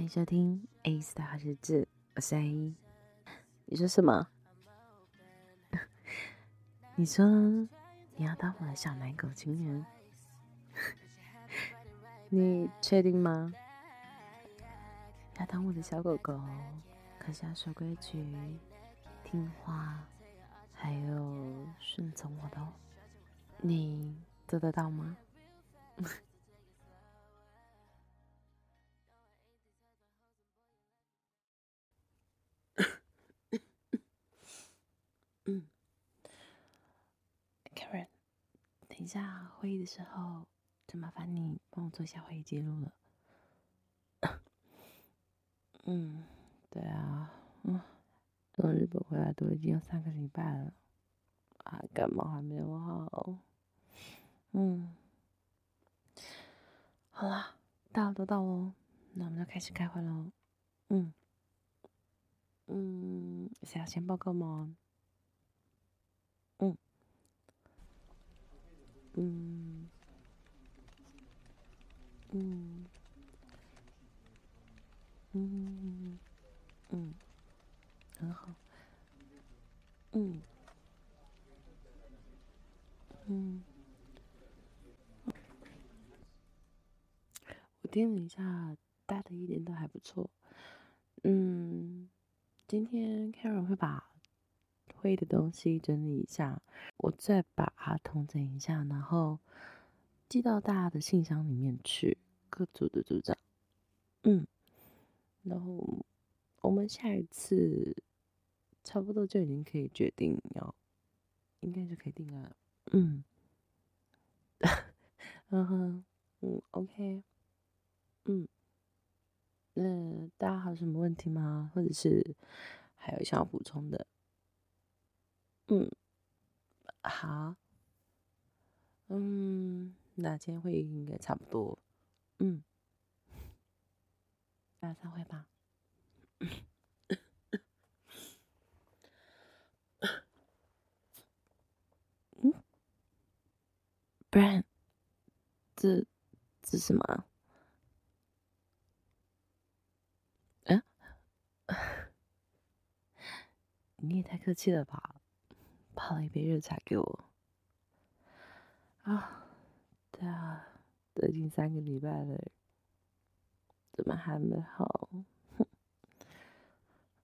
歡迎收聽《Ace 的日誌，我是 A。你說什麼？ 你說你要當我的小奶狗情人？ 你確定嗎？要當我的小狗狗，可是要守規矩、聽話，還有順從我的哦。你做得到嗎？ 等一下會議的時候，就麻煩你幫我做一下會議記錄了。 嗯，對啊，嗯，從日本回來都已經有三個禮拜了，啊，感冒還沒有好。嗯，好啦，大家都到了，那我們就開始開會嘍。嗯，嗯，想要先報告嗎？嗯，嗯，嗯，嗯，很好，嗯，嗯，我聽了一下，帶的一點都還不錯，嗯，今天開始會把。會的東西整理一下，我再把它統整一下，然後寄到大家的信箱裡面去。各組的組長，嗯，然後我們下一次差不多就已經可以決定了，要應該就可以定了。嗯， 嗯哼、okay，嗯，OK，嗯，那、呃、大家還有什麼問題嗎？或者是還有想要補充的？嗯，好。嗯，那今天會議應該差不多。嗯，那散會吧。 嗯，不然，這，這是什麼？哎、欸。 你也太客氣了吧。泡了一杯熱茶給我。啊，對啊，最近三個禮拜了，怎麼還沒好？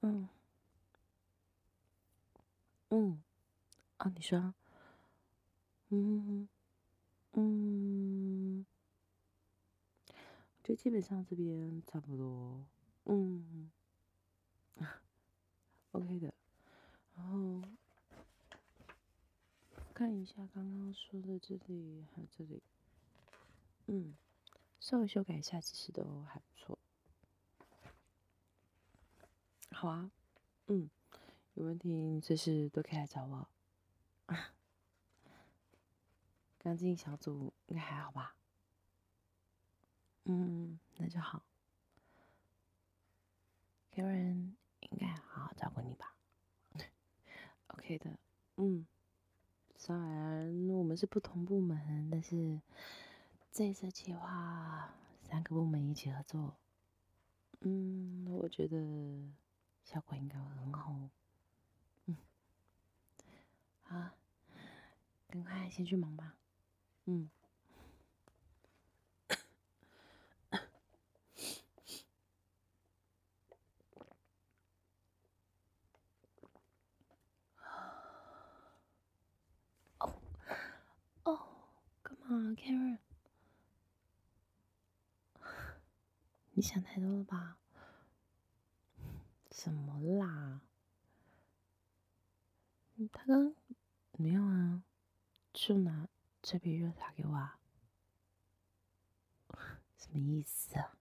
嗯，嗯，啊，你說？嗯嗯，就基本上這邊差不多。嗯，OK 的，然後。看一下剛剛說的這裡，還有這裡，嗯，稍微修改一下，其實都還不錯。好啊，嗯，有問題隨時都可以來找我。啊，剛進小組應該還好吧？嗯，那就好。Karen 應該好好照顧你吧？ 對，OK 的，嗯。雖然我們是不同部門，但是這次計劃三個部門一起合作，嗯，我覺得效果應該會很好哦。嗯，好，趕快先去忙吧。嗯。Karen， 你想太多了吧？ 什麼啦？嗯、他剛沒有啊，就拿這杯熱茶給我，啊， 什麼意思啊？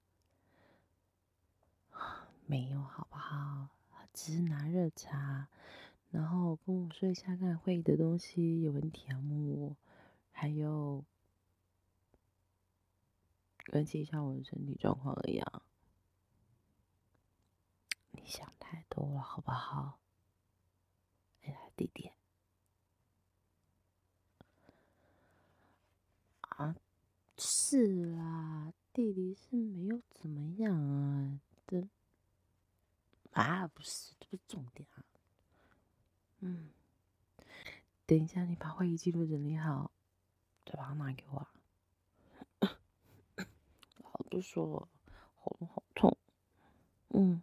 沒有好不好？只是拿熱茶，然後跟我說一下看會議的東西有問題啊，還有。跟其他像我的身體狀況一樣，你想太多了，好不好？哎呀，弟弟、啊，啊，是啦、啊，弟弟是沒有怎麼樣啊，這。啊，不是，這不是重點啊。嗯，等一下，你把會議記錄整理好，再把它拿給我、啊。都說了，喉嚨好痛，嗯。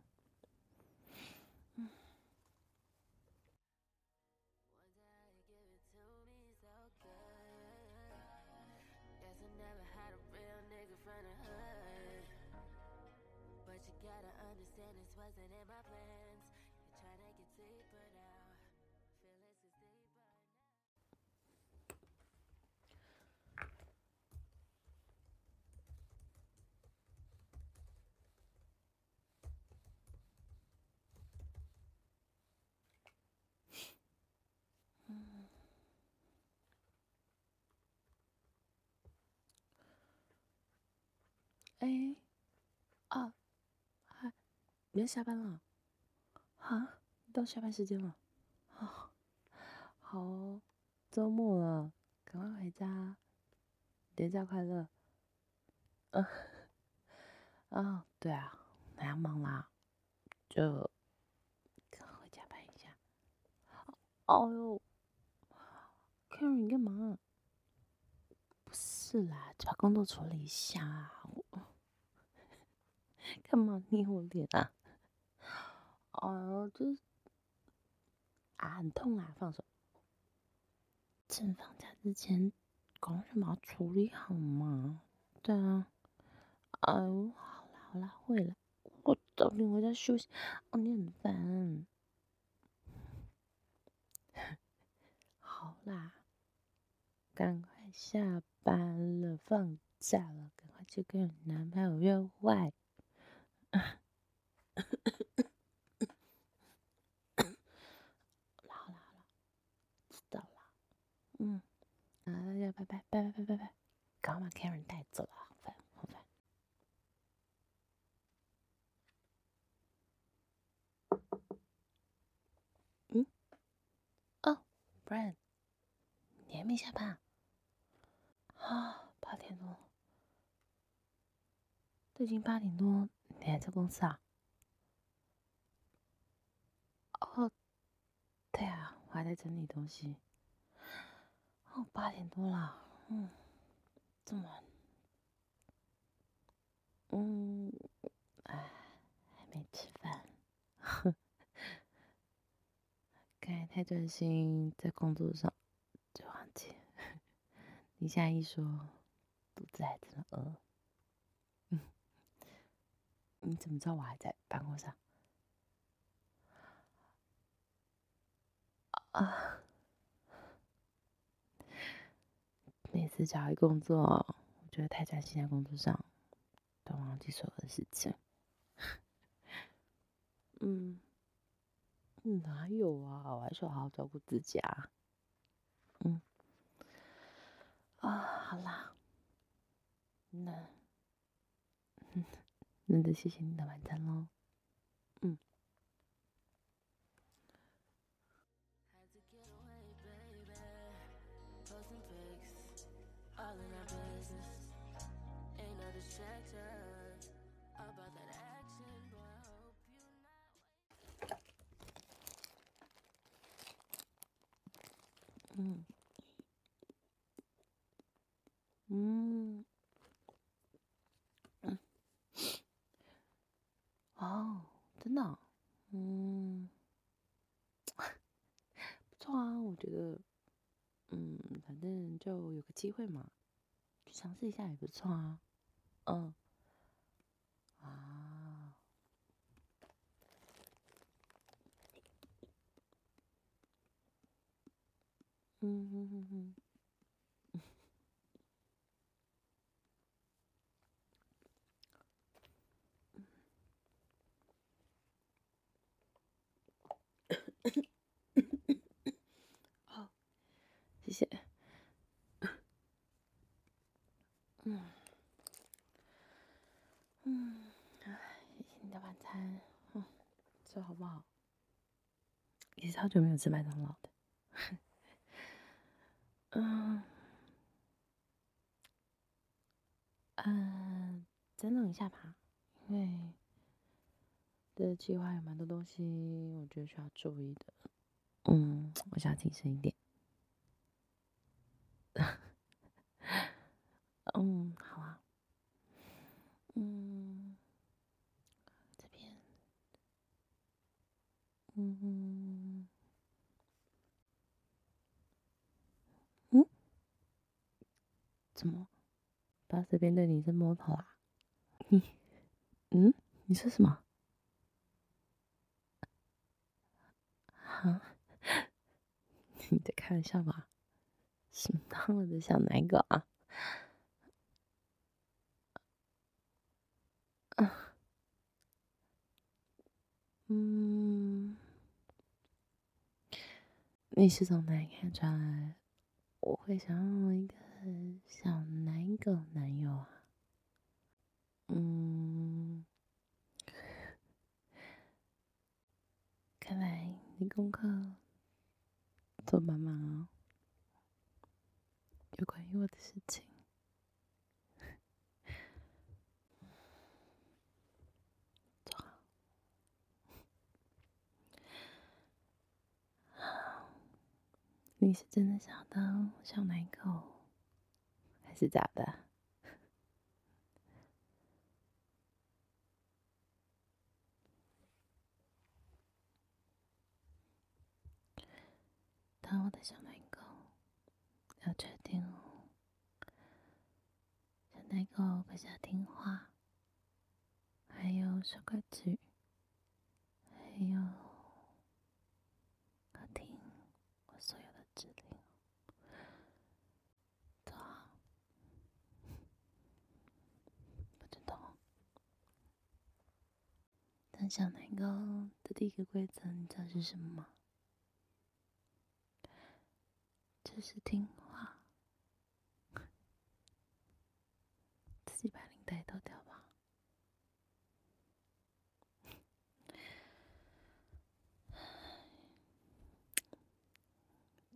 哎，啊，嗨，你要下班了，哈、啊，到下班時間了，啊、哦，好、哦，週末了，趕快回家，年假快樂，啊，啊，對啊，不要忙啦，就，可以加班一下，哦、哎、呦，Carry 你幹嘛？不是啦，就把工作處理一下、啊，我。幹嘛捏我臉啊？哎、呃、呦，就是啊，很痛啊！放手。趁放假之前，搞什麼處理好嘛。對啊。哎、呃、呦，好啦好啦，會了。我、哦、早點回家休息。哦，你很煩。好啦，趕快下班了，放假了，趕快去跟你男朋友約會。已經八點多，你還在公司啊？哦、oh，對啊，我還在整理東西。哦，八點多了，嗯，這麼，嗯，哎，還沒吃飯。哼 剛才太專心在工作上，就忘記。 你現在一說，肚子還真的餓。你怎麼知道我還在辦公室啊？啊！每次只要一工作，我覺得太專心在工作上，都忘記所有的事情。 嗯，哪有啊？我還是好好照顧自己啊。嗯。啊，好啦，那，嗯。那就謝謝你的晚餐嘍。機會嘛，去嘗試一下也不錯啊，嗯、呃。嗯，吃好不好？已是好久沒有吃麥當勞的。 嗯嗯，整整一下吧，因為這個的計劃有蠻多東西，我覺得需要注意的。嗯，我想要謹慎一點。 嗯，好啊。嗯，嗯？怎麼？把這邊的女生摸跑啦？啊？你，嗯？你說什麼？啊？ 你在開玩笑吧？行，當我的小奶狗啊！啊，嗯。你是從哪裡看出來的？我會想要一個小奶狗男友啊？嗯，看來你功課做滿滿哦，有關於我的事情。你是真的想當小奶狗，還是假的？當我的小奶狗要確定哦，小奶狗比較聽話，還有守規矩，還有。小奶狗的第一個規則，你知道是什麼嗎？就是聽話，自己把領帶脫掉吧。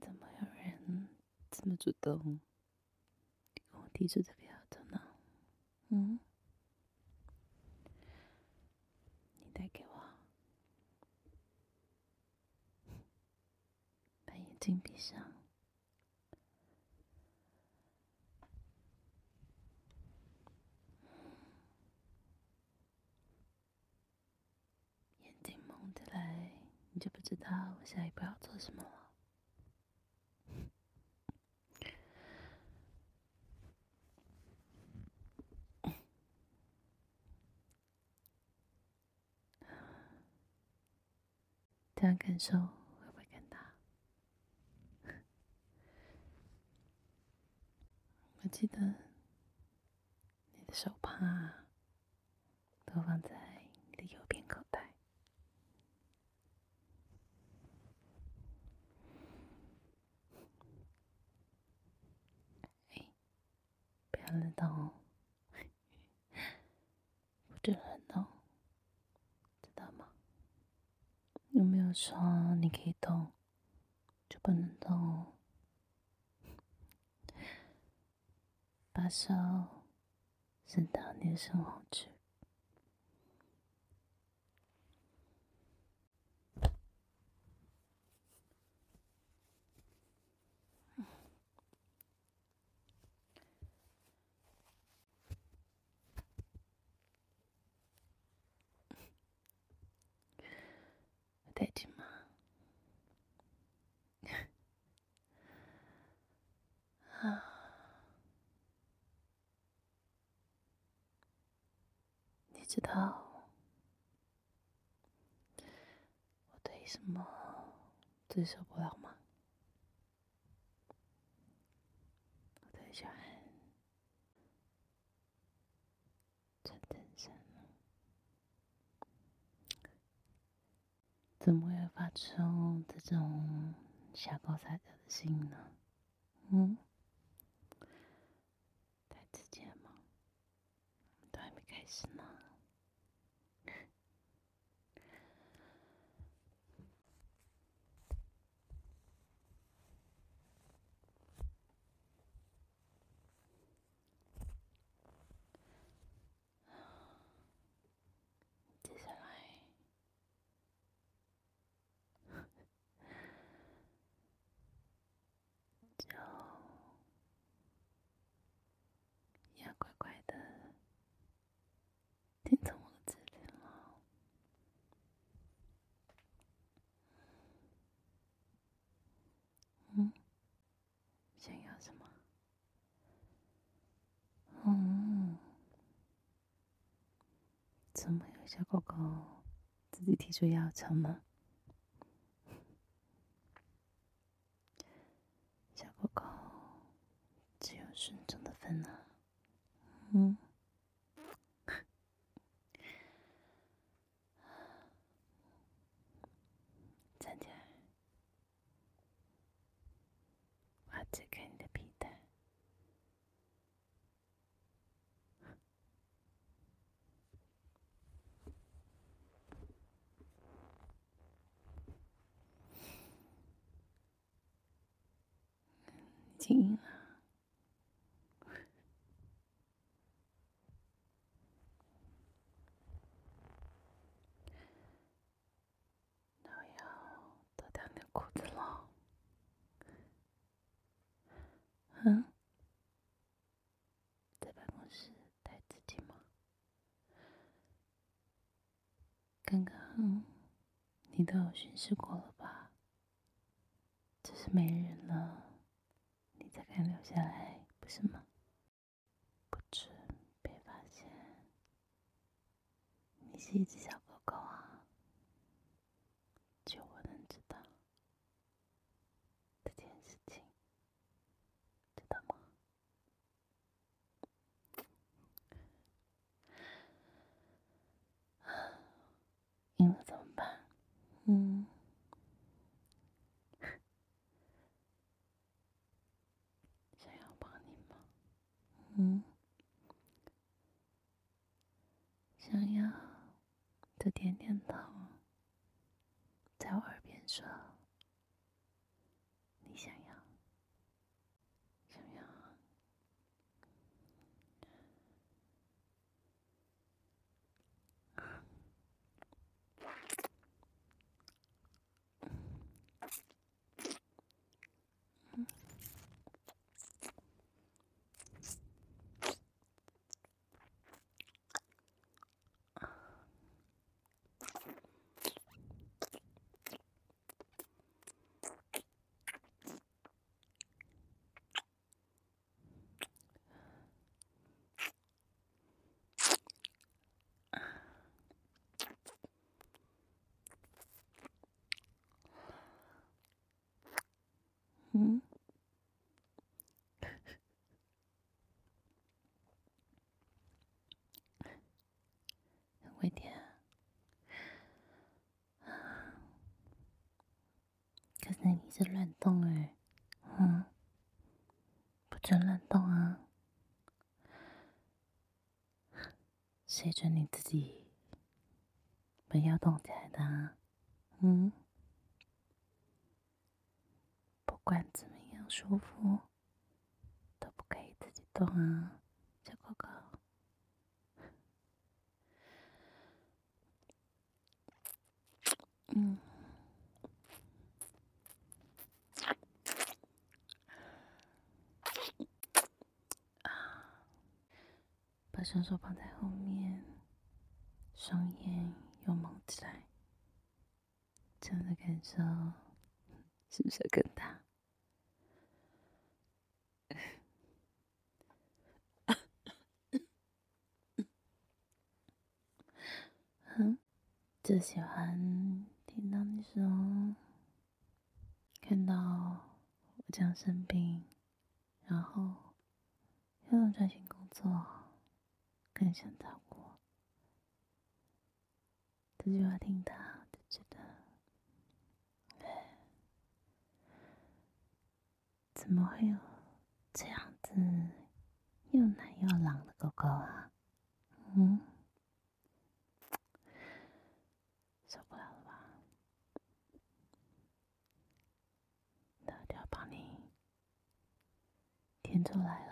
怎麼有人這麼主動，給我提出這個要求呢？嗯。這樣感受會不會更大？ 我記得你的手帕啊，都放在你的右邊口袋，哎、欸，不要亂動哦。我沒有說你可以動，就不能動。把手伸到你身後去。知道我對什麼最受不了嗎？我最喜歡穿襯衫了，怎麼會發出這種小狗才的心呢？嗯。什麼？嗯，怎麼有小狗狗自己提出要求嗎？小狗狗只有順從的份啊。靜音、啊、 那我要脫掉你的褲子了。嗯？在辦公室太刺激嗎？剛剛你都有巡視過了吧？只、就是沒人了。敢留下來，不是嗎？不知，被發現。你是一隻小。嗯，想要就點點頭，在我耳邊說。不准亂動哎、欸，嗯，不准亂動啊！誰准你自己不要動起來的，啊？嗯，不管怎麼樣舒服，都不可以自己動啊，小狗狗。嗯。雙手放在後面，雙眼又蒙起來，這樣的感受是不是更大？哼、 嗯，就喜歡聽到你說看到我這樣生病，然後又要專心工作。沒想到過，這句話聽到就覺得，就覺得、欸，怎麼會有這樣子又奶又狼的狗狗啊？嗯，受不了吧？那就要幫你，舔出來了。